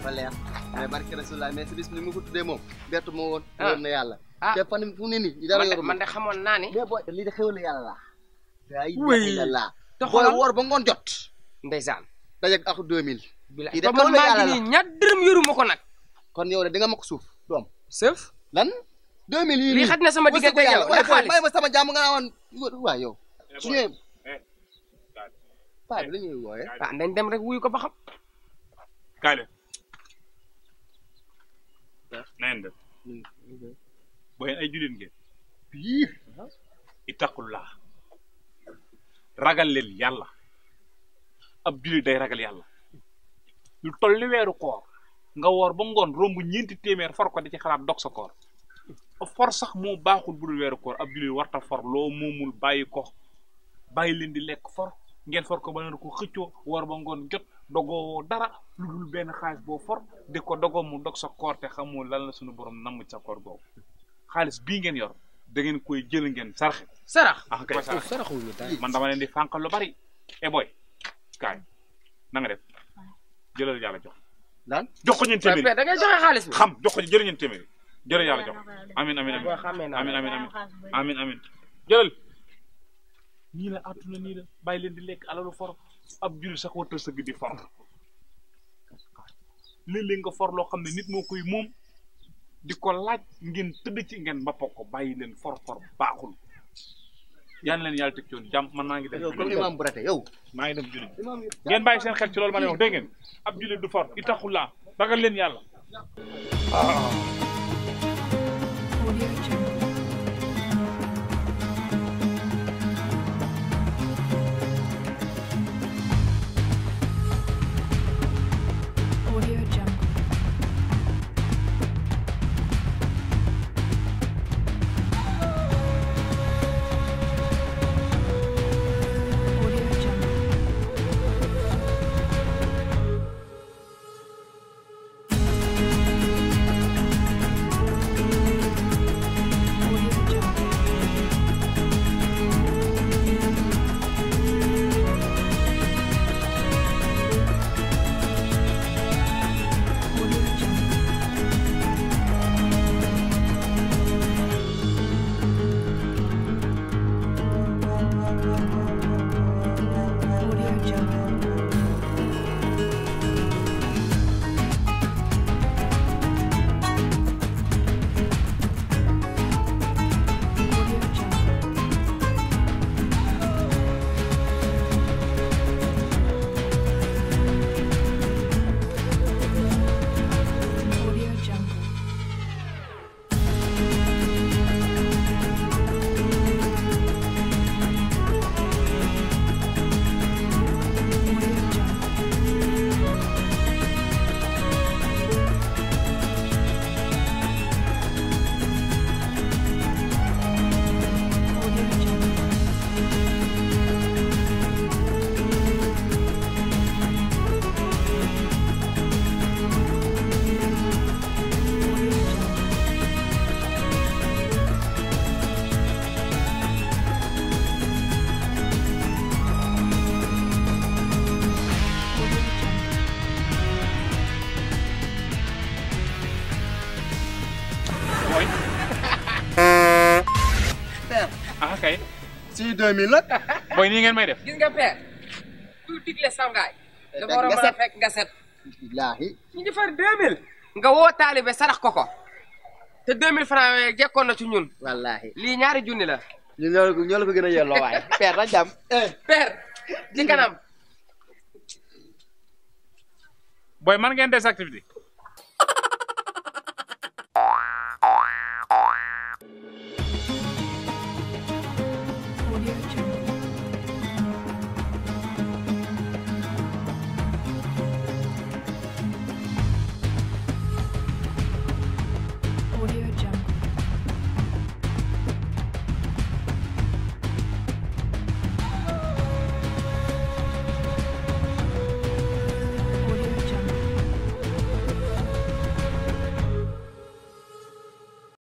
dafa leer mais barke rasulullah mais service bi mu ko tuddee moom bettu ma woon woon na yàlla te pan fu ne ni dara yoru man de xamoon naa ni mais booy lii de xewal yàlla la ay la booy woor ba ngoon jot ndeysaan dajeg ak 2000 lii de xewal yàlla dërëm yoru kon yow de nga suuf doom lan 2000 yi sama diggante yow wala xaalis bàyyi ma sama jàmm nga naan waa yow su ñëwee bi la ñuy wooyee ah dem rek wuyu ko ba xam ngeen def bu ngeen ay jullit ngeen bii ittaqullah ragal leen yàlla ab jullit day ragal yàlla lu toll li weeru koor nga woor ba ngoon romb ñeenti téeméer for ko di ci xalaat dog sa koor for sax moo baaxul bu dul weeru koor ab jullit warta for loo moomul bàyyi ko bàyyi leen di lekk for ngeen for ko ba ko xëccoo woor ba ngoon jot dogoo dara lu dul benn xaalis boo for di ko dogoo mu dog sa te xamul lan la suñu borom namm sa koor boobu xaalis bii ngeen yor da ngeen koy jël ngeen sarxe sarax ah man dama leen di fànqal lu bari e boy kaay na nga def jëlal yàlla jox. lan jox xaalis bi xam jox ko jël ñun téeméeri jëlal yàlla jox amin amin amin amin amin amin amin jëlal la àdduna nii la bàyyi leen di lekk alalu for ab jul sax warta sëgg di for léeg-léeg nga for loo xam ne nit moo koy moom di ko laaj ngeen tëdd ci ngeen ba ko bàyyi leen for for baaxul yaan leen yàlla teg ci woon jàmm man naa ngi dem comme imam bu maa ngi dem julli ngeen bàyyi seen xel ci loolu ma ne wax dégg ngeen ab julli du for laa ragal leen yàlla kay 2000 boy ni ngeen may def gis nga père du digle sangaay dafa war a mën a fekk set billahi ñu defar 2000 nga woo taalibe sarax ko ko te 2000 francs yooyu jekkoon na ci wallahi lii ñaari junni la ñu ñoo ñoo la ko gën jam di boy